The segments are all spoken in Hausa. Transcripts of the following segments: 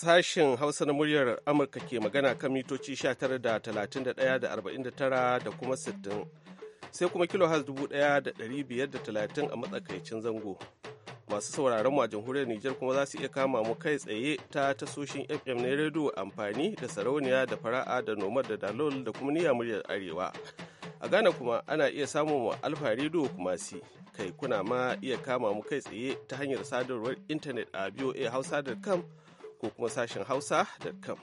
sashen Hausa na muryar Amurka ke magana kan mitoci 19 da 31 da 49 da kuma 60. Sai kuma kilohaz 1530 a matsakaicin zango. Masu sauraron mu a jamhuriyar Nijar kuma za su iya kama mu kai tsaye ta tasoshin FM na rediyo amfani da sarauniya da fara'a da nomad da dalol da kuma niyya muryar arewa. a Ghana kuma ana iya samun wa Alfa Radio kuma kai kuna ma iya kama mu kai tsaye ta hanyar sadarwar intanet a voahausa.com ko kuma sashen hausa.com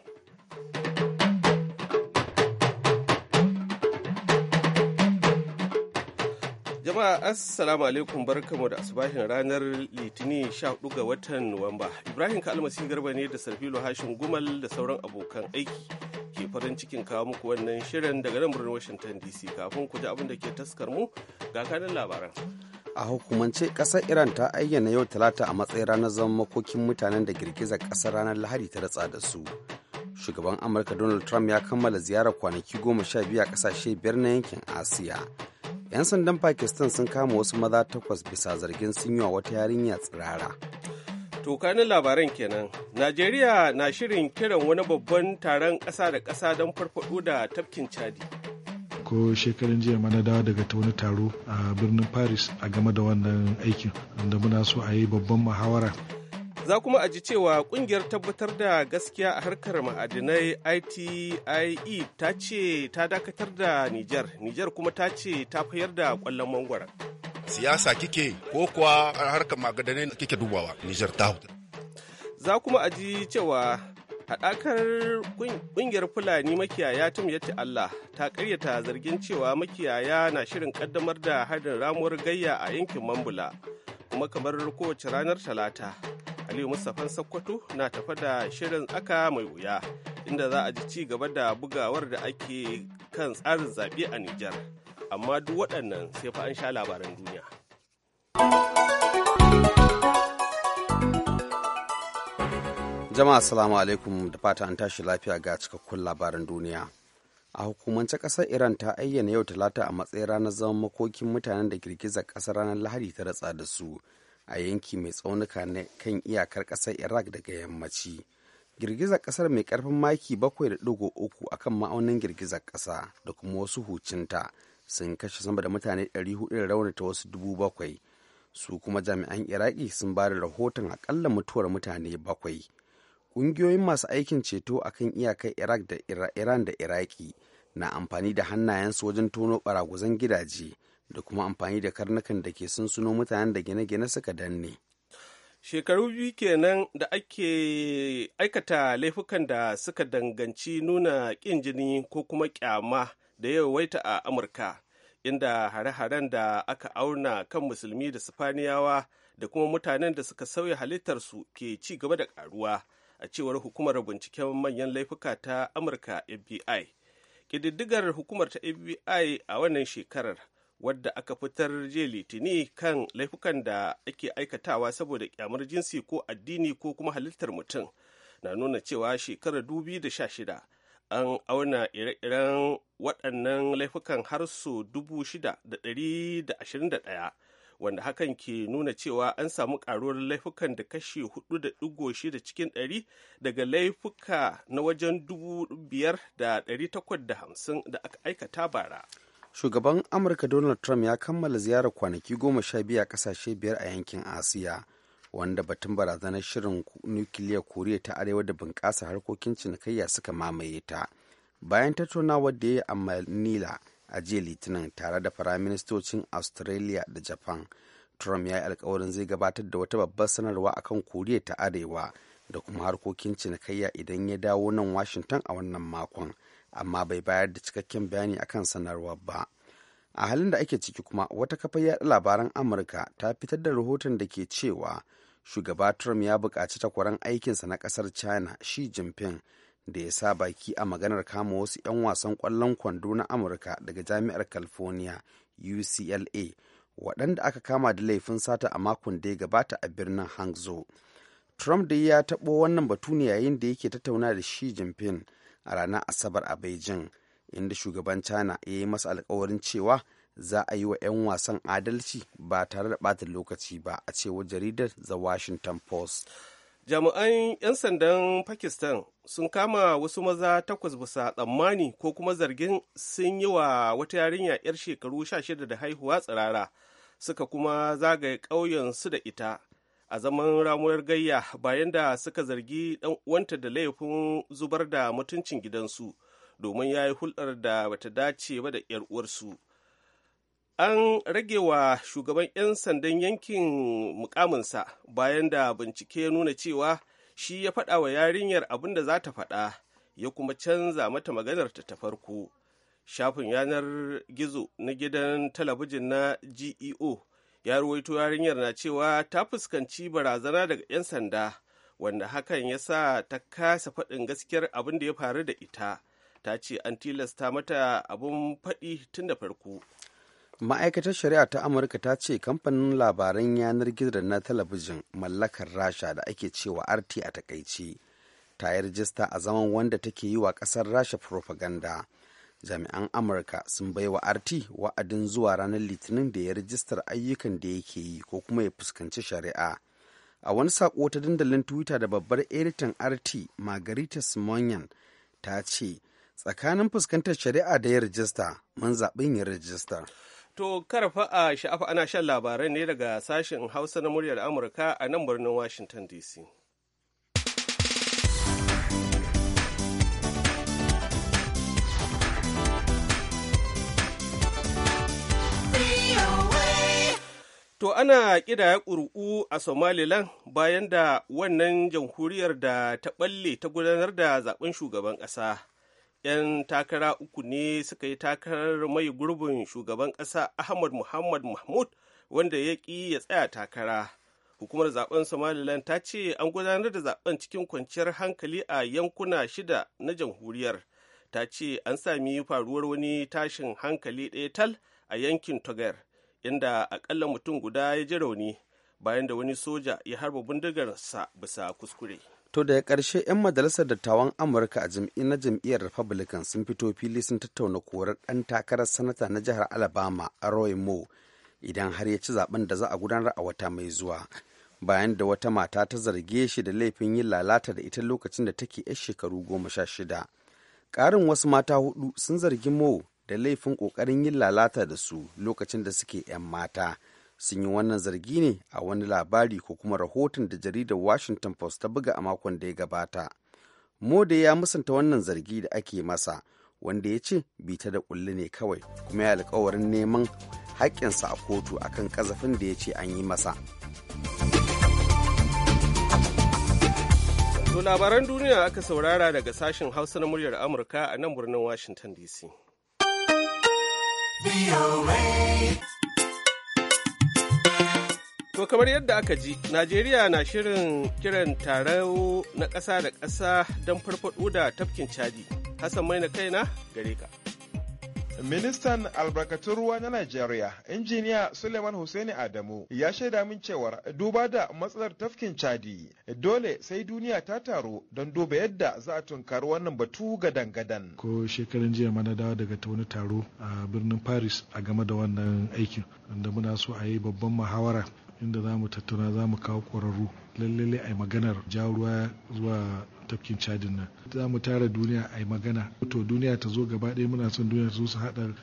jama'a assalamu alaikum barkamu da asubahin ranar litinin 14 ga watan nuwamba ibrahim kalmasi garba ne da sarfilo hashin gumal da sauran abokan aiki ke farin cikin kawo muku wannan shirin daga nan birnin washington dc kafin ku ji abin da ke taskar mu ga kanin labaran a hukumance kasar iran ta ayyana yau talata a matsayin ranar zama makokin mutanen da girgizar kasar ranar lahadi ta ratsa da su shugaban amurka donald trump ya kammala ziyarar kwanaki goma sha biyu a kasashe biyar na yankin asiya 'yan sandan pakistan sun kama wasu maza takwas bisa zargin sun yi wa wata yarinya tsirara to na labaran kenan najeriya na shirin kiran wani babban taron ƙasa da ƙasa don farfaɗo da tafkin chadi ko shekarun jiya mana dawa daga ta wani taro a birnin paris a game da wannan aikin inda muna so a yi babban muhawara za kuma a ji cewa kungiyar tabbatar da gaskiya a harkar ma'adinai itie ta ce ta dakatar da niger niger kuma ta ce ta fayar da kwallon mangwara siyasa kike ko kuwa harkar ma'adinai kike dubawa niger ta za kuma a ji cewa Haɗakar ƙungiyar Fulani makiyaya ta Miyatti Allah ta ƙaryata zargin cewa makiyaya na shirin ƙaddamar da haɗin ramuwar gayya a yankin Mambula, kuma kamar kowace ranar Talata. Aliyu Mustapha Sokoto na tafa da shirin tsaka mai wuya, inda za a ji ci gaba da bugawar da ake kan tsarin zaɓe a Nijar. Amma duk waɗannan sai fa an sha labaran duniya. jama'a salamu alaikum da fata an tashi lafiya ga cikakkun labaran duniya a hukumance kasar iran ta ayyana yau talata a matsayin ranar zaman makokin mutanen da girgizar kasar ranar lahadi ta ratsa da su a yanki mai tsaunuka na kan iyakar kasar iraq daga yammaci girgizar kasar mai karfin maki bakwai da 7.3 akan ma'aunin girgizar kasa da kuma wasu hucinta sun kashe sama da mutane 400 da raunata wasu bakwai su kuma jami'an iraki sun ba da rahoton akalla mutuwar mutane bakwai ƙungiyoyin masu aikin ceto a kan iyakar iraq da iran da iraki na amfani da hannayensu wajen tono baraguzan gidaje da kuma amfani da karnukan da ke sunsuno mutanen da gine-gine suka danne shekaru biyu kenan da ake aikata laifukan da suka danganci nuna ƙin jini ko kuma ƙyama da yawaita a amurka inda hare-haren da aka auna kan musulmi da sifaniyawa da kuma mutanen da suka sauya halittarsu ke ci gaba da ƙaruwa a cewar hukumar binciken manyan laifuka ta amurka fbi ƙididdigar hukumar ta fbi a wannan shekarar wadda aka fitar je litini kan laifukan da ake aikatawa saboda kyamar jinsi ko addini ko kuma halittar mutum na nuna cewa shekarar 2016 an auna ire-iren waɗannan laifukan har su 6,121 wanda hakan ke nuna cewa an samu karuwar laifukan da kashe 4.6 cikin 100 daga laifuka na wajen 5,850 da aka aikata bara. Shugaban Amurka Donald Trump ya kammala ziyarar kwanaki goma sha biyu a kasashe biyar a yankin Asiya, wanda batun barazanar shirin nukiliyar Koriya ta Arewa da bunƙasa harkokin cinikayya suka mamaye ta. Bayan tattaunawar da ya yi a Manila, a jiya litinin tare da firaministocin australia da japan trump ya yi alkawarin zai gabatar da wata babbar sanarwa akan koriya ta arewa da kuma harkokin cinikayya idan ya dawo nan washington a wannan makon amma bai bayar da cikakken bayani akan sanarwar ba a halin da ake ciki kuma wata kafar yaɗa labaran amurka ta fitar da rahoton da ke cewa shugaba trump ya buƙaci takwaran aikinsa na ƙasar china shi jinping da ya sa baki a maganar kama wasu 'yan wasan kwallon kwando na amurka daga jami'ar california ucla waɗanda aka kama da laifin sata a makon da ya gabata a birnin hangzhou trump da ya taɓo wannan batu ne yayin da yake tattauna da shi jinping a ranar asabar a beijing inda shugaban china ya yi masa alkawarin cewa za a yi wa 'yan wasan adalci ba tare da ɓata lokaci ba a cewar jaridar the washington post jami'an 'yan sandan pakistan sun kama wasu maza takwas bisa tsammani ko kuma zargin sun yi wa wata yarinya 'yar shekaru 16 da haihuwa tsirara suka kuma zagaye su da ita a zaman ramuwar gayya bayan da suka zargi dan uwanta da laifin zubar da mutuncin gidansu domin ya yi hulɗar da bata dace ba da 'yar uwarsu. an rage wa shugaban 'yan sandan yankin mukaminsa bayan da bincike ya nuna cewa shi ya faɗa wa yarinyar abin da za ta faɗa ya kuma canza mata maganar ta ta farko shafin yanar gizo na gidan talabijin na geo ya ruwaito yarinyar na cewa ta fuskanci barazana daga 'yan sanda wanda hakan ya sa ta kasa faɗin gaskiyar abin da ya faru da ita ta ce an tilasta mata abin faɗi tun da farko ma'aikatar shari'a ta amurka ta ce kamfanin labaran yanar gizo na talabijin mallakar rasha da ake cewa rt a takaici ta yi rajista a zaman wanda take yi wa kasar rasha propaganda jami'an amurka sun bai wa rt wa'adin zuwa ranar litinin da ya rajistar ayyukan da yake yi ko kuma ya fuskanci shari'a a wani sako ta dandalin twitter da babbar editan rt margarita simonian ta ce tsakanin fuskantar shari'a da ya rajista mun zaɓin ya rajistar To karfa a sha'afa ana shan labarai ne daga sashen Hausa na muryar Amurka a nan birnin Washington DC. To ana ƙidaya ƙuri'u a Somaliland bayan da wannan jamhuriyar da ta ɓalle ta gudanar da zaben shugaban ƙasa. 'yan takara uku ne suka yi takarar mai gurbin shugaban ƙasa ahmad muhammad mahmud wanda ya ƙi ya tsaya takara hukumar zaben somaliland ta ce an gudanar da zaben cikin kwanciyar hankali a yankuna shida na jamhuriyar ta ce an sami faruwar wani tashin hankali ɗaya tal a yankin togar inda akalla mutum guda ya ji rauni bayan da wani soja ya harba bindigarsa bisa kuskure To daga ƙarshe 'yan majalisar dattawan Amurka a na jam'iyyar Republican sun fito fili sun tattauna korar ɗan takarar sanata na jihar Alabama Roy Moore idan har ya ci zaben da za a gudanar a wata mai zuwa. Bayan da wata mata ta zarge shi da laifin yin lalata da ita lokacin da take 'yar shekaru goma sha shida. karin wasu mata hudu sun zargi mo da laifin ƙoƙarin yin lalata da su lokacin da suke 'yan mata. sun yi wannan zargi ne a wani labari ko kuma rahoton da jaridar washington post ta buga a makon da ya gabata mode ya musanta wannan zargi da ake masa wanda ya ce bita da kulli ne kawai kuma ya alkawarin neman haƙƙinsa a kotu akan ƙazafin da ya ce an yi masa To labaran duniya aka saurara daga sashen hausa na muryar amurka a nan birnin washington dc To kamar yadda aka ji, Najeriya na shirin kiran taro na ƙasa da ƙasa don farfaɗo da tafkin caji. Hassan mai na kaina gare ka. Ministan albarkatun ruwa na Najeriya, injiniya Suleiman Hussaini Adamu, ya shaida min cewar duba da matsalar tafkin cadi dole sai duniya ta taru don duba yadda za a tunkari wannan batu gadan-gadan. Ko shekarun jiya mana dawa daga ta wani taro a birnin Paris a game da wannan aikin, inda muna so a yi babban muhawara inda za mu tattauna za mu kawo ƙwararru lallai a maganar jawo ruwa zuwa tafkin cadin nan za mu tara duniya a yi magana to duniya ta zo gaba ɗaya muna son duniya su su haɗa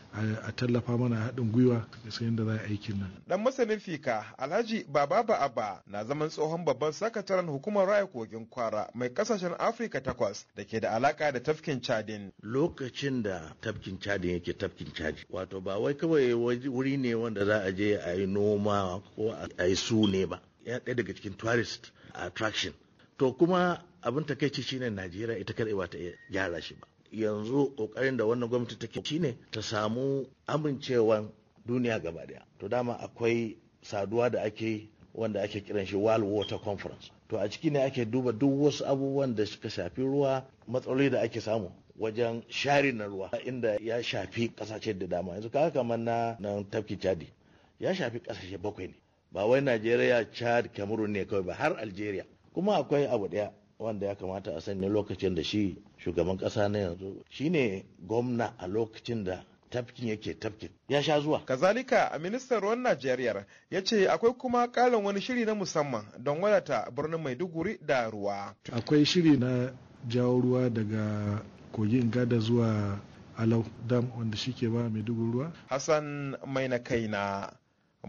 a tallafa mana haɗin gwiwa da sai yadda za a aikin nan dan masanin fika alhaji baba ba'aba na zaman tsohon babban sakataren hukumar raya kogin kwara mai kasashen afirka takwas da ke da alaka da tafkin cadin lokacin da tafkin cadin yake tafkin cadi wato ba wai kawai wuri ne wanda za a je a yi noma ko a yi su ne ba ya ɗaya daga cikin tourist attraction to kuma abin takaici shine najeriya ita kada ba ta iya gyara shi ba yanzu kokarin da wannan gwamnati take shine ta samu amincewan duniya gaba daya to dama akwai saduwa da ake wanda ake kiran shi world water conference to a ciki ne ake duba duk wasu abubuwan da suka shafi ruwa matsaloli da ake samu wajen shari na ruwa inda ya shafi kasashe da dama yanzu kaga kamar na nan tafki chadi ya shafi kasashe bakwai ne ba wai Najeriya Chad Cameroon ne kawai ba har Algeria kuma akwai abu ɗaya, wanda ya kamata a sani lokacin da shi shugaban ƙasa na yanzu Shi ne gwamna a lokacin da tafkin yake tafkin ya sha zuwa. Kazalika a ministan ruwan Najeriya ya ce akwai kuma ƙalin wani shiri na musamman don wadata birnin Maiduguri da ruwa. Akwai shiri na jawo ruwa daga kogin gada zuwa Alau Dam wanda shi ke ba Maiduguri ruwa. Hassan Maina Kaina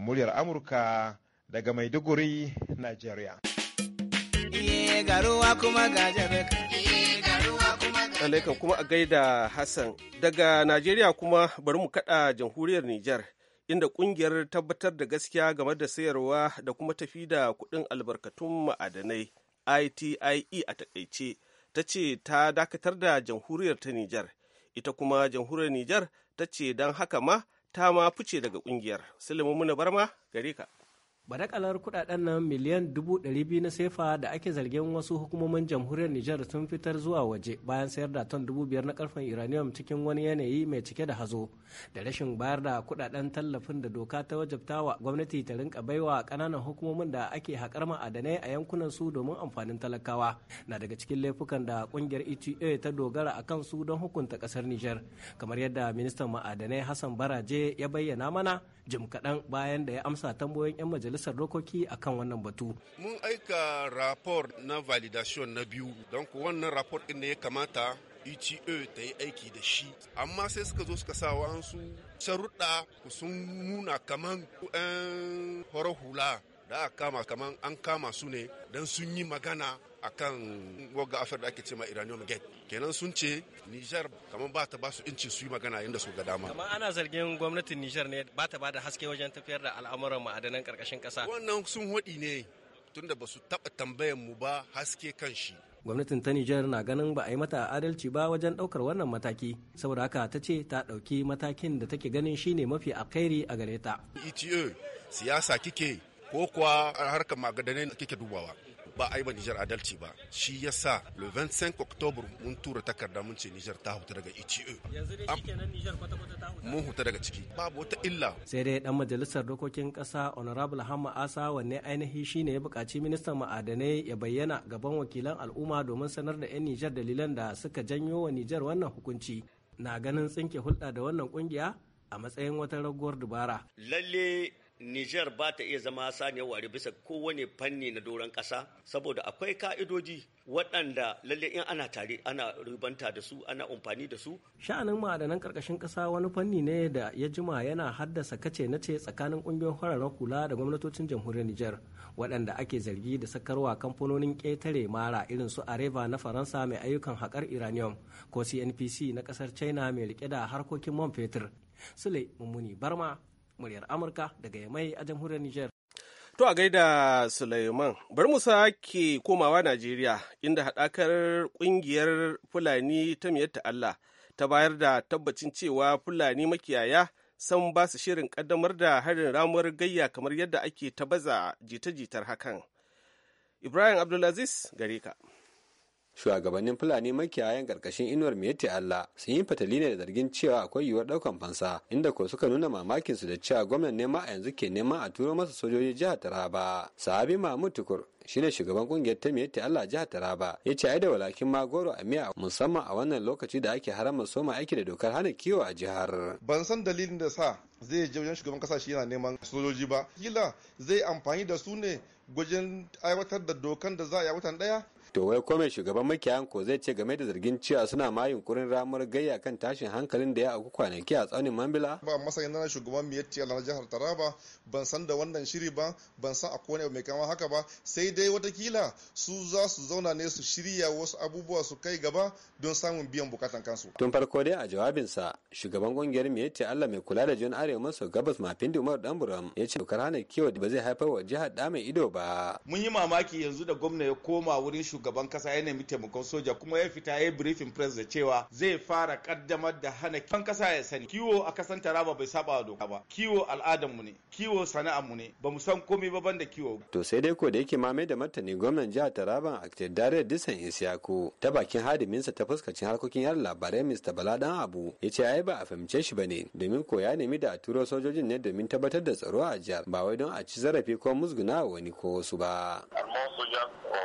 muryar Amurka daga Maiduguri, Najeriya. Alaikan kuma a gaida Hassan daga Najeriya kuma bari mu kaɗa jamhuriyar Nijar inda ƙungiyar tabbatar da gaskiya game da sayarwa da kuma tafi da kuɗin albarkatun ma'adanai ITIE a takaice ta ce ta dakatar da jamhuriyar ta Nijar ita kuma jamhuriyar Nijar ta ce don haka ma ta ma fice daga kungiyar. Sulemu Muna Barma gare ka. Badakalar kudaden nan miliyan dubu ɗari biyu na sefa da ake zargin wasu hukumomin jamhuriyar Nijar sun fitar zuwa waje bayan sayar da ton dubu biyar na karfen uranium cikin wani yanayi mai cike da hazo da rashin bayar da kudaden tallafin da doka ta wajabta wa gwamnati ta rinka baiwa kananan hukumomin da ake haƙar ma'adanai a yankunan su domin amfanin talakawa na daga cikin laifukan da kungiyar ETA ta dogara a kansu don hukunta kasar Nijar kamar yadda ministan ma'adanai Hassan Baraje ya bayyana mana jim kaɗan bayan da ya amsa tambayoyin 'yan majalisar dokoki a kan wannan batu. Mun aika rapor na validation na biyu don ku wannan rapor ɗin ne ya kamata ETA ta yi aiki da shi amma sai suka zo suka sa wa'ansu sharuɗa ku sun nuna kaman 'yan hula da aka kama kaman an kama su ne don sun yi magana a kan wagga afir da ake ce ma iranian gate kenan sun ce nijar kamar ba ta ba su inci su yi magana yadda su ga dama kamar ana zargin gwamnatin nijar ne ba ta ba da haske wajen tafiyar da al'amuran ma'adanan karkashin kasa wannan sun hodi ne tunda ba su taba tambayan mu ba haske kan shi gwamnatin ta nijar na ganin ba a yi mata adalci ba wajen ɗaukar wannan mataki saboda haka ta ce ta ɗauki matakin da take ganin shine mafi alkhairi a gare ta e siyasa kike ko kuwa harkar magadanai kike dubawa ba a yi ba Nijar adalci ba shi ya sa le 25 October mun tura takarda mun ce Nijar ta huta daga ECE mun huta daga ciki babu wata illa sai dai dan majalisar dokokin kasa Honorable Hamma Asa wanne ainihi shine ya buƙaci ministan ma'adanai ya bayyana gaban wakilan al'umma domin sanar da 'yan Nijar dalilan da suka janyo wa Nijar wannan hukunci na ganin tsinke hulɗa da wannan kungiya a matsayin wata raguwar dubara lalle Nijar ba ta iya zama saniyar ware bisa kowane fanni na doron kasa saboda akwai ka'idoji waɗanda lalle in ana tare ana ribanta da su ana amfani da su. Sha'anin ma'adanan karkashin ƙasa wani fanni ne da ya jima yana haddasa kace na ce tsakanin ƙungiyoyin fararen kula da gwamnatocin jamhuriyar Nijar waɗanda ake zargi da sakarwa kamfanonin ƙetare mara irin su Areva na Faransa mai ayyukan haƙar Iranium ko CNPC na ƙasar China mai riƙe da harkokin man fetur. Sule Mummuni Barma muryar amurka daga yamai a jamhuriyar niger To a gaida suleiman bari mu ke komawa Najeriya inda haɗakar ƙungiyar Fulani ta miyatta Allah ta bayar da tabbacin cewa Fulani makiyaya san ba su shirin ƙaddamar da harin ramuwar gayya kamar yadda ake ta baza jita-jitar hakan. Ibrahim Abdulaziz gare ka. shugabannin fulani makiyayan karkashin inuwar miyati allah sun yi fatali ne da zargin cewa akwai yiwuwar daukan fansa inda ko suka nuna mamakin su da cewa gwamnan nema a yanzu ke neman a turo masa sojoji jihar taraba sahabi mahmud tukur ne shugaban kungiyar ta miyati allah jihar taraba ya ce ai da walakin ma a miya musamman a wannan lokaci da ake harama soma aiki da dokar hana kiwo a jihar ban san dalilin da sa zai je wajen shugaban kasa shi yana neman sojoji ba kila zai amfani da su ne gwajin aiwatar da dokan da za a yi watan daya To wai kome shugaban makiyayan ko zai ce game da zargin cewa suna ma yunkurin ramar gayya kan tashin hankalin da ya auku kwanaki a tsaunin Mambila? Ba masani na shugaban miyatti a jihar Taraba ban san da wannan shiri ba ban san akwai wani mai kama haka ba sai dai watakila su za su zauna ne su shirya wasu abubuwa su kai gaba don samun biyan bukatan kansu. Tun farko dai a jawabinsa shugaban kungiyar miyatti Allah mai kula da jihar Arewa maso gabas Mafindi Umar Danburam ya ce dokar hana kiwo ba zai haifar wa jihar da mai ido ba. Mun yi mamaki yanzu da gwamna ya koma wurin shugaban shugaban kasa ya nemi taimakon soja kuma ya fita ya yi briefing press da cewa zai fara kaddamar da hana kan kasa ya sani kiwo a kasan taraba bai saba doka ba kiwo al'adan mu ne kiwo sana'ar mu ne ba mu san komai ba banda kiwo to sai dai ko da yake ma mai da martani gwamnan jihar taraban a dare disan isiyaku ta bakin hadiminsa ta fuskacin harkokin yar labarai mr baladan abu ya ce ai ba a fahimce shi ba ne domin ko ya nemi da a turo sojojin ne domin tabbatar da tsaro a jihar ba wai don a ci zarafi ko musguna wani ko wasu ba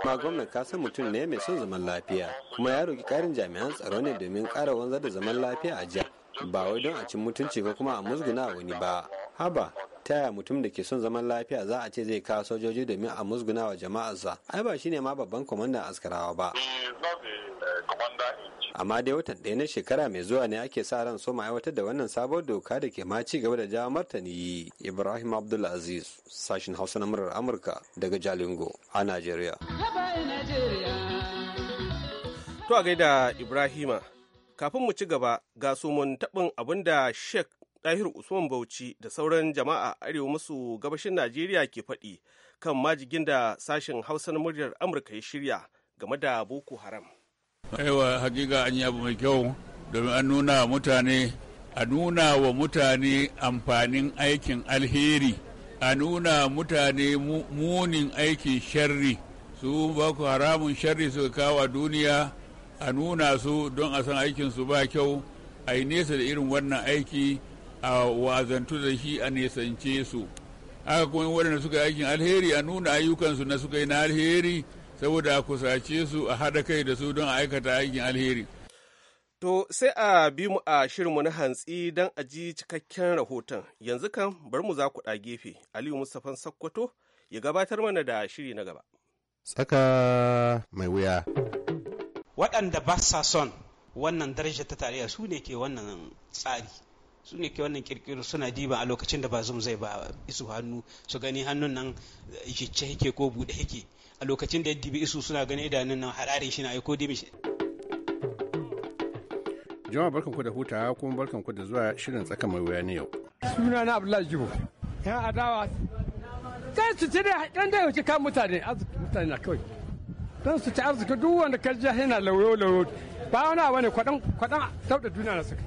ma gwamnan kasan mutum ne mai son zaman lafiya kuma ya roki karin jami'an tsaro ne domin kara wanza da zaman lafiya a jiya ba wai don a cin mutunci ko kuma a musguna wani ba haba ta yaya mutum da ke son zaman lafiya za a ce zai kawo sojoji domin a musguna wa jama'arsa ai ba shine ma babban kwamandan askarawa ba amma dai watan ɗaya na shekara mai zuwa ne ake sa ran soma aiwatar da wannan sabon doka da ke ma ci gaba da jawo martani ibrahim abdulaziz sashin hausa na murar amurka daga jalingo a najeriya To a gaida Ibrahima, kafin mu ci gaba ga sumun taɓin abin da Sheikh Ɗahir Usman Bauchi da sauran jama'a arewa maso gabashin Najeriya ke faɗi kan majigin da sashen hausan muryar Amurka ya shirya game da Boko Haram. Aiwa hakika an yi abu mai kyau domin an nuna mutane a nuna wa mutane amfanin aikin alheri a nuna mutane munin aikin sharri su baku haramun sharri suka kawo a duniya a nuna su don a san aikinsu ba kyau a yi nesa da irin wannan aiki a wazantu da shi a nesance su haka kuma waɗanda suka yi aikin alheri a nuna ayyukansu na suka yi na alheri saboda a kusace su a haɗa kai da su don a aikata aikin alheri To sai a bi mu a shirinmu na hantsi don a ji cikakken rahoton. Yanzu kan bar mu za ku ɗa gefe. Aliyu Mustapha Sakkwato ya gabatar mana da shiri na gaba. Tsaka mai wuya. Waɗanda ba sa son wannan darajar ta tarayya su ne ke wannan tsari. su ne ke wannan kirkiru suna diba a lokacin da ba zum zai ba isu hannu su gani hannun nan jicce yake ko buɗe yake a lokacin da ya dibi isu suna gani idanun nan harare shi na aiko dimi shi jama'a barkan ku da hutawa kuma barkan ku da zuwa shirin tsaka mai wuya na yau suna na abdullahi jibo adawa dan su ci da dan da yauci kan mutane arziki mutane na kawai dan su ci arziki duk wanda ka ji yana lauyo lauyo ba wani abu ne kwadan kwadan dauda duniya na suka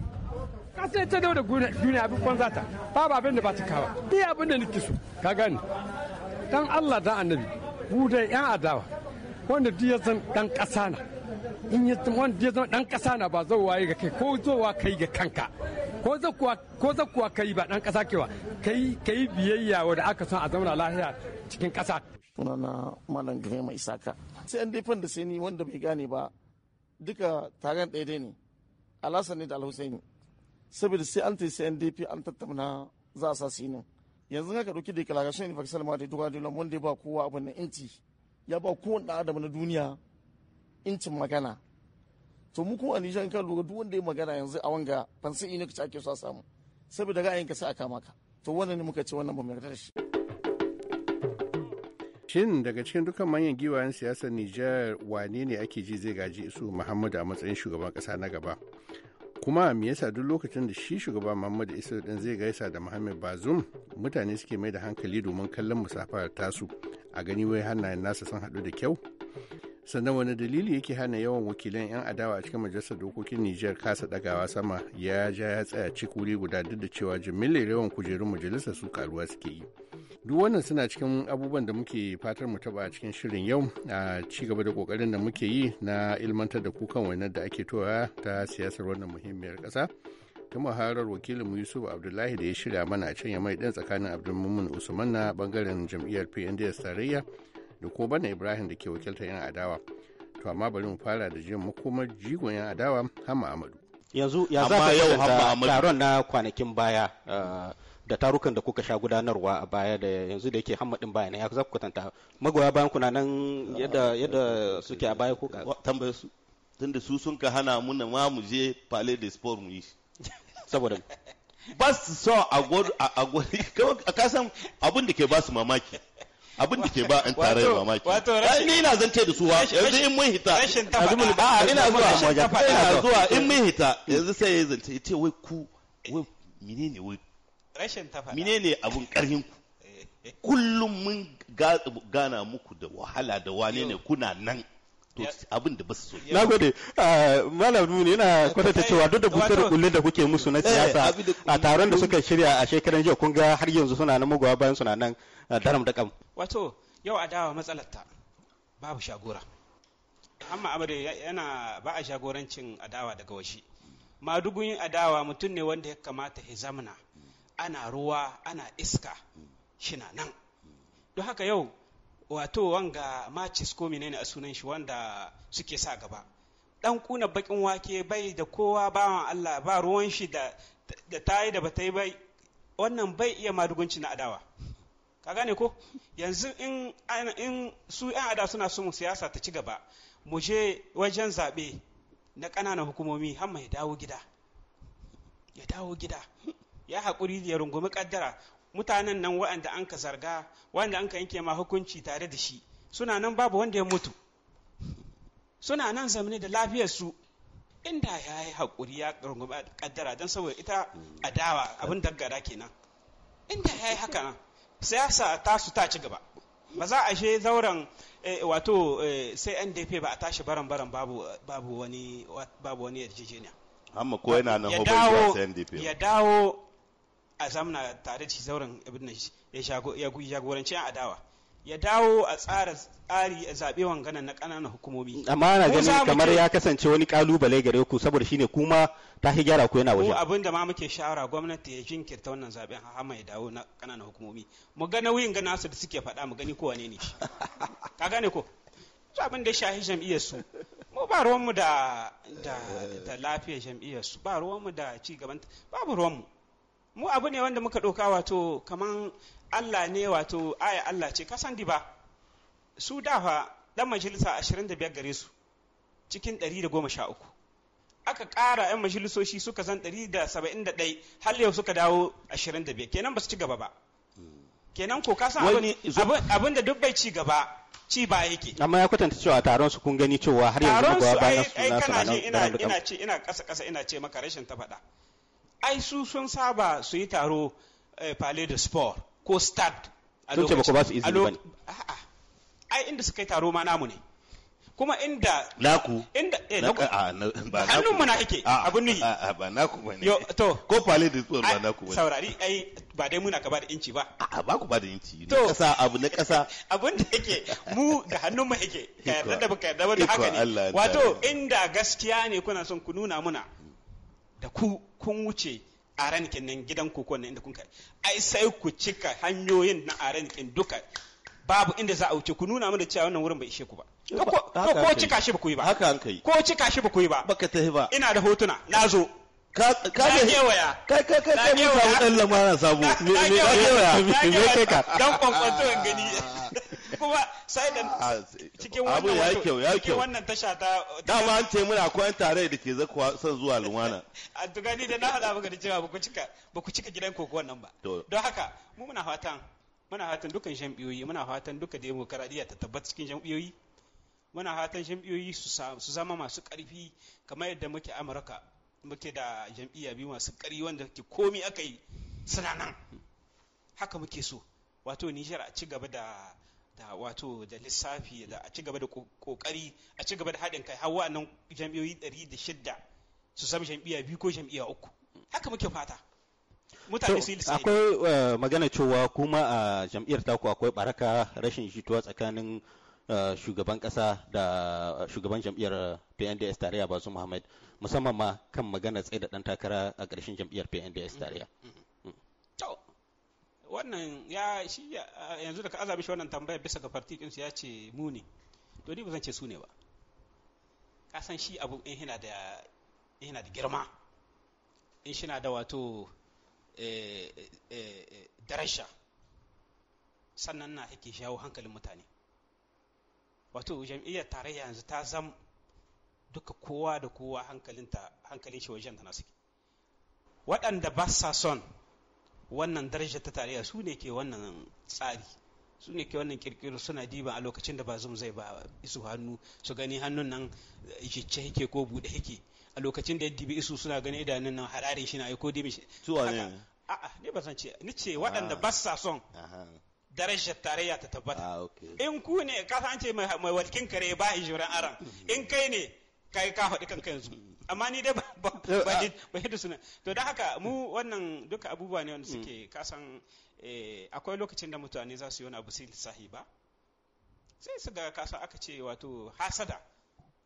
kasa ta dauda duniya abin kwan zata ba ba abin da ba ta kawa bi abin da nake so ka gani dan Allah dan annabi mu da yan adawa wanda duk ya san dan kasa na in ya wanda ya zama dan kasa na ba zo waye ga kai ko zo wa kai ga kanka ko zakuwa ko zakuwa kai ba dan kasa kewa kai kai biyayya wanda aka son a zauna lahiya cikin kasa sunana malam gare mai saka sai an dai da sai ni wanda bai gane ba duka taron ɗaya ne alhassan ne da alhussein saboda sai an sai ndp an tattauna za a sa sinin yanzu haka ɗauki da kalashin ne faksal ma da duka da wanda ya ba kowa abin na inci ya ba kowane ɗan adam na duniya incin magana to mu kuma alisha in ka lura duk wanda ya magana yanzu a wanga ban san ina ka ake so a samu saboda ra'ayin ka sai a kama ka to wannan ne muka ce wannan ba mu yarda da shi shin daga cikin dukkan manyan giwayen siyasar niger wane ne ake ji zai gaji isu Muhammadu a matsayin shugaban kasa na gaba kuma me yasa duk lokacin da shi shugaban Muhammadu isa din zai gaisa da Muhammad bazum mutane suke mai da hankali domin kallon musafar tasu a gani wai hannayen nasa sun haɗu da kyau sannan wani dalili yake hana yawan wakilan 'yan adawa a cikin majalisar dokokin nijar kasa dagawa sama ya ja ya tsaya cik wuri guda duk da cewa jimillar yawan kujerun majalisar su karuwa suke yi duk wannan suna cikin abubuwan da muke fatar mu taba a cikin shirin yau a ci gaba da kokarin da muke yi na ilmantar da kukan wainar da ake towa ta siyasar wannan muhimmiyar kasa ta muharar wakilinmu yusuf abdullahi da ya shirya mana a can ya mai ɗin tsakanin abdulmumin usman na bangaren jam'iyyar pnds tarayya da ko bana ibrahim da ke wakiltar yan adawa to amma bari mu fara da jin makomar jigon yan adawa hama amadu yanzu ya za ka yau hama taron na kwanakin baya uh, da tarukan da kuka sha gudanarwa a baya da yanzu da yake hamadin baya na ya za ku kwatanta magoya bayan kuna nan yadda yadda suke a baya ko ka tambaye su tunda su sun ka hana mu na ma mu je palais de sport mu yi saboda ba su so a gwari a kasan abin da ke ba su mamaki abin da ke ba an tare da mamaki rashin ni ina zance da su yanzu in mun hita ba ina zuwa ina zuwa in mun hita yanzu sai ya zance yace wai ku wai menene wai rashin tafa menene abun karhin ku kullum mun gana muku da wahala da wane ne kuna nan to abin da ba su so na gode ah, malam nuni yana eh, kwatanta cewa duk da busar kullun da kuke musu na eh, siyasa a taron da suka shirya a shekaran jiya kun ga har yanzu suna nan mugawa bayan suna nan Ah, daram da kam wato yau adawa dawa matsalarta babu shagora amma amare yana ba a shagorancin adawa daga washi madugun adawa mutum ne wanda ya kamata ya zamana ana ruwa ana iska shina nan don haka yau wato wanga macis ko menene a sunan shi wanda suke sa gaba dan kuna bakin wake bai da kowa bawan Allah ba ruwan shi da ta yi da bata yi bai wannan bai iya madugunci na adawa ka gane ko yanzu in, su 'yan ada suna son siyasa ta ci gaba mu je wajen zaɓe na ƙananan hukumomi hamma ya dawo gida ya dawo gida ya haƙuri ya rungumi ƙaddara mutanen nan waɗanda an ka zarga waɗanda an ka yanke ma hukunci tare da shi suna nan babu wanda ya mutu suna nan zamani da lafiyarsu inda ya yi haƙuri ya rungumi ƙaddara don saboda ita adawa abin daggara kenan inda ya yi haka nan siyasa ta su ta ci gaba ba za a she zauren eh, wato eh, sai ndp ba a tashi baran baran babu wani yarjejeniya amma ko yana nan ya dawo ya dawo a zamana tare da shi zauren ya jagoranci yan adawa ya dawo a tsara tsari a zaɓe wangana na ƙananan hukumomi. Amma na ganin kamar ya kasance wani ƙalubale gare ku saboda shine kuma ta fi gyara ku yana wajen. Mu abin da ma muke shawara gwamnati ya jinkirta wannan zaɓen hama ya dawo na ƙananan hukumomi. Mu ga nauyin ga nasu da suke faɗa mu gani ko wane ne shi. Ka gane ko? Su abin da shahi jam'iyyar su. Mu ba ruwanmu da lafiyar jam'iyyar su ba ruwanmu da ci gaban babu ruwanmu. mu abu ne wanda muka ɗauka wato kaman Allah ne wato aya Allah ce ka kasan ba. su dafa ɗan majalisa 25 gare su cikin 113 aka ƙara 'yan majalisoshi suka zan 171 har yau suka dawo 25 kenan ba su ci gaba ba kenan ko ka san abin da duk bai ci gaba ci ba yake amma ya kwatanta cewa taron su kun gani cewa har yanzu ba bayan su na su ina ina ce ina ƙasa kasa ina ce maka rashin ta faɗa ai su sun saba su yi taro eh, palais de sport ko stade a lokacin ai inda suka yi taro ma namu ne kuma inda laku inda eh naku ba hannun mu na ake abun a ba naku bane yo to ko palais de sport ba naku bane saurari ai ba dai muna ka ba da inci ba a ba ku ba da inci ne kasa abu na kasa abun da yake mu da hannun mu yake ka yarda da baka yarda ba da haka ne wato inda gaskiya ne kuna son ku nuna muna da ku kun wuce ranikin nan gidan ku na inda kun kai ai sai ku cika hanyoyin na ranikin duka babu inda za a wuce ku nuna mana cewa wannan wurin bai ishe ku ba ko cika shi ba ku yi ba haka an kai ko cika shi ba ku yi ba baka tafi ba ina da hotuna na zo ka ka ka ka ka ka ka ka kuma sai da ah, cikin wannan ya kyau ya kyau wannan tasha ta dama an ce muna akwai yan tare da ke zakuwa son zuwa lumana a tugani da na hada maka da cewa ba ku cika baku ku cika gidan koko wannan ba don haka mu muna fatan muna fatan dukkan jam'iyyoyi muna fatan duka demokaradiyya ta tabbata cikin jam'iyyoyi muna fatan jam'iyyoyi su zama masu karfi kamar yadda muke amurka muke da jam'iyya biyu masu kari wanda ke komi aka yi suna nan haka muke so wato nijar a ci gaba da da wato da lissafi da a ci gaba da kokari a ci gaba da haɗin kai har wa'annan jam'iyyoyi ɗari da shidda su sami jam'iyya biyu ko jam'iyya uku haka muke fata mutane su yi lissafi akwai eh, magana cewa kuma a jam'iyyar taku akwai baraka rashin jituwa tsakanin eh, shugaban kasa da shugaban jam'iyyar PNDS tarayya bazu Muhammad musamman ma kan magana tsaye da ɗan takara a ƙarshen jam'iyyar PNDS tarayya. Mm-hmm. wannan ya shi yanzu da ka azabi shi wannan tambaya bisa ga farti ɗinsu ya ce mu ne to ni ba zan ce su ne ba ka san shi abu in hina da yana da girma in shi na da wato eh, eh, eh, darasha sannan na yake shawo hankalin mutane wato jam'iyyar tarayya yanzu ta zam duka kowa da kowa hankalinta hankalin shi wajen ta nasu waɗanda ba sa son wannan darajar ta tarayya su ne ke wannan tsari su ne ke wannan kirkiro suna diba a lokacin da ba zum zai ba isu hannu su gani hannun nan jicce yake ko bude yake a lokacin da ya dibi isu suna gani idanun nan hararin shi na aiko dimi shi zuwa ne a'a ne ba san ce ni ce waɗanda ah. ba sa son darajar tarayya ta tabbata ah, in ku ne kasance mai walkin kare ba hijiran aran in kai ne kai ka faɗi kanka yanzu amma ni dai ba hidu suna to da haka mu wannan duka abubuwa ne wanda suke mm. kasan eh, akwai lokacin da mutane za su yi wani abu sai lissahi ba sai su ga kasa aka ce wato hasada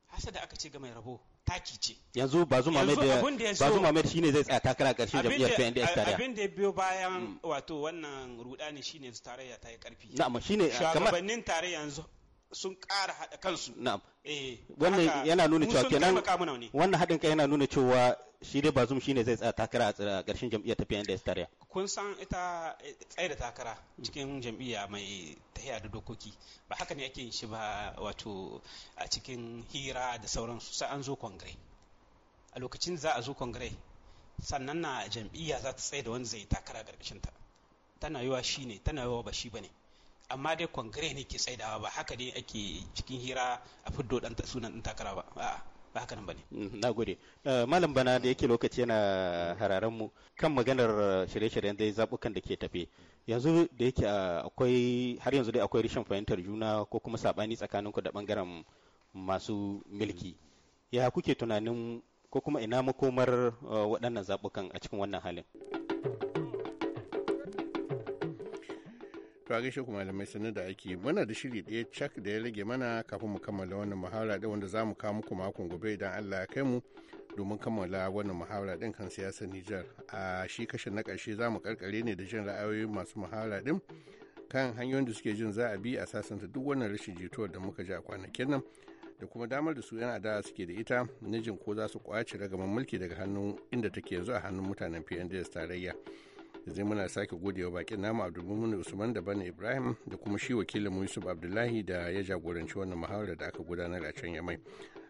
hasada aka ce ga mai rabo taki ce yanzu bazu mamed shine zai tsaya takara karshe jam'iyyar PNDS tare abin da ya biyo bayan mm. wato wannan rudani shine yanzu ya ta yi karfi na'am shine kamar shugabannin tare yanzu sun ƙara haɗa kansu. Na'am. Eh, wannan yana nuna cewa kenan wannan haɗin kai yana nuna cewa shi dai bazum shine zai tsaya takara a ƙarshen jam'iyyar tafiya inda ya Kun san ita eh, tsaye da takara cikin jam'iyya mai tahiya da dokoki ba haka ne ake yin shi ba wato a cikin hira da sauransu sai an zo kongire. A lokacin za a zo kongire sannan na jam'iyya za ta tsaye da wanda zai takara a ƙarƙashinta. Tana yiwa shi ne tana yiwa ba shi ba ne. amma dai kongire ne ke tsaidawa ba haka ne ake cikin hira a fiddo ɗan sunan ɗan takara ba ba haka nan ba ne. Mm, na gode eh, malam bana da yake lokaci yana hararen mu kan maganar eh, shirye-shiryen dai zaɓukan da ke tafe yanzu da yake eh, akwai har yanzu dai akwai rashin fahimtar juna ko kuma saɓani tsakanin ku da ɓangaren masu milki ya kuke tunanin ko kuma ina makomar waɗannan zaɓukan a cikin wannan halin To a gaishe kuma malamai sanar da aiki muna da shiri daya cak da ya rage mana kafin mu kammala wannan muhawara ɗin wanda za mu kawo muku makon gobe idan Allah ya kai mu domin kammala wannan muhawara ɗin kan siyasar Nijar. A shi kashin na karshe za mu karkare ne da jin ra'ayoyin masu muhawara ɗin kan hanyoyin da suke jin za a bi a sasanta duk wannan rashin jituwar da muka ji a kwanakin nan da kuma damar da su yan adawa suke da ita na jin ko za su kwaci ragaman mulki daga hannun inda take yanzu a hannun mutanen PNDS tarayya. yanzu muna sake godewa bakin nama abdulmumin usman da bana ibrahim da kuma shi wakilin yusuf abdullahi da ya jagoranci wannan muhawara da aka gudanar a can yamai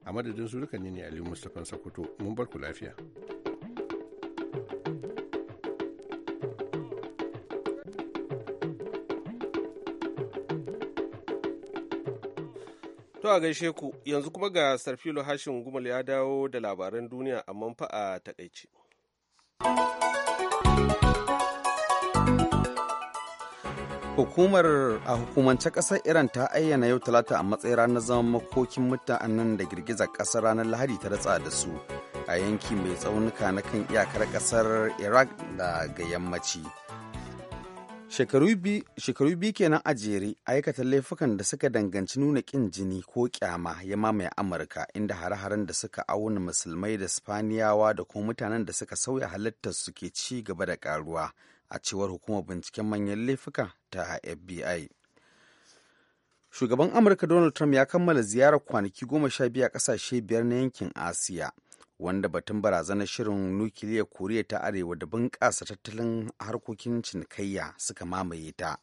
a madadin su duka ne ne aliyu mustapha sakoto mun bar ku lafiya To a gaishe ku yanzu kuma ga Sarfilo Hashin Gumal ya dawo da labaran duniya amma fa a takaice. Hukumar a hukumance kasar Iran ta ayyana yau talata a matsayin ranar zaman makokin mutanen da girgizar kasar ranar Lahadi ta ratsa da su a yanki mai tsaunuka na kan iyakar kasar Iraq da ga yammaci. Shekaru biyu kenan a jere aikata laifukan da suka danganci nuna kin jini ko kyama ya mamaye Amurka inda hare-haren da suka auna musulmai da Spaniyawa da kuma mutanen da suka sauya halittarsu ke ci gaba da karuwa. a cewar hukumar binciken manyan laifuka ta fbi shugaban amurka donald trump ya kammala ziyarar kwanaki goma sha biyu a kasashe biyar na yankin asiya wanda batun barazanar shirin nukiliya koriya ta arewa da bunƙasa tattalin harkokin cinikayya suka mamaye ta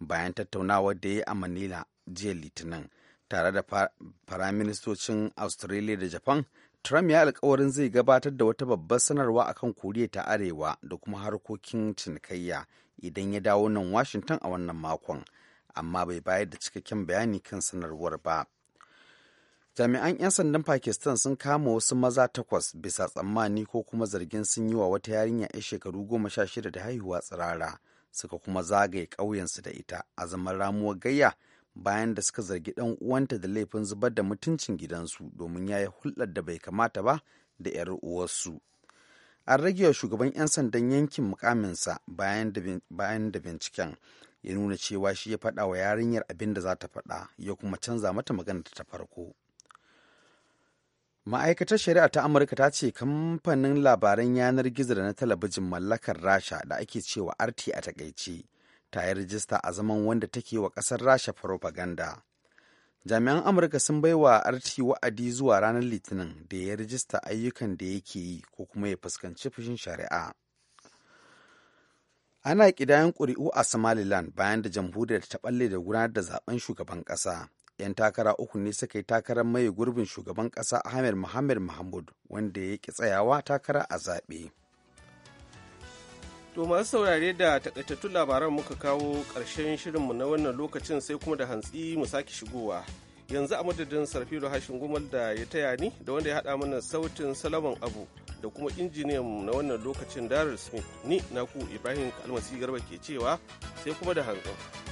bayan tattaunawa da ya yi a manila jiya litinin tare da faraministocin australia da japan Trump ya alkawarin zai gabatar da wata babbar sanarwa akan Koriya ta Arewa da kuma harkokin cinikayya idan ya dawo nan Washington a wannan makon, amma bai bayar da cikakken bayani kan sanarwar ba. Jami'an 'yan sandan Pakistan sun kama wasu maza takwas bisa tsammani ko kuma zargin sun yi wa wata yarinya 'yan shekaru goma sha shida da haihuwa tsirara, suka kuma zagaye ƙauyensu da ita a zaman ramuwar gayya bayan da suka zargi dan uwanta da laifin zubar da mutuncin gidansu domin ya yi hulɗar da bai kamata ba da 'yar uwarsu. An rage wa shugaban 'yan sandan yankin mukaminsa bayan da binciken ya nuna cewa shi ya faɗa wa yarinyar abin da za ta faɗa ya kuma canza mata magana ta farko. Ma'aikatar Shari'a ta Amurka ta ce kamfanin labaran yanar gizo da na talabijin mallakar Rasha da ake cewa RT a takaice ta yi rijista a zaman wanda take wa ƙasar rasha farofaganda jami'an amurka sun bai wa rt wa'adi zuwa ranar litinin da ya rijista ayyukan da yake yi ko kuma ya fuskanci fushin shari'a ana ƙidayan ƙuri'u a somaliland bayan da jamhuriyar ta balle da gudanar da zaben shugaban ƙasa 'yan takara uku ne suka yi takarar mai gurbin shugaban ƙasa ahmed muhammad mahmud wanda ya ki tsayawa takara a zaɓe. To masu saurare da takaitattun labaran muka kawo ƙarshen shirinmu na wannan lokacin sai kuma da hantsi mu sake shigowa. Yanzu a madadin Sarfiru Hashin Gumal da ya taya ni da wanda ya haɗa mana sautin salaman Abu da kuma injiniyan na wannan lokacin Daryl Smith ni naku Ibrahim almasi Garba ke cewa sai kuma da hantsi.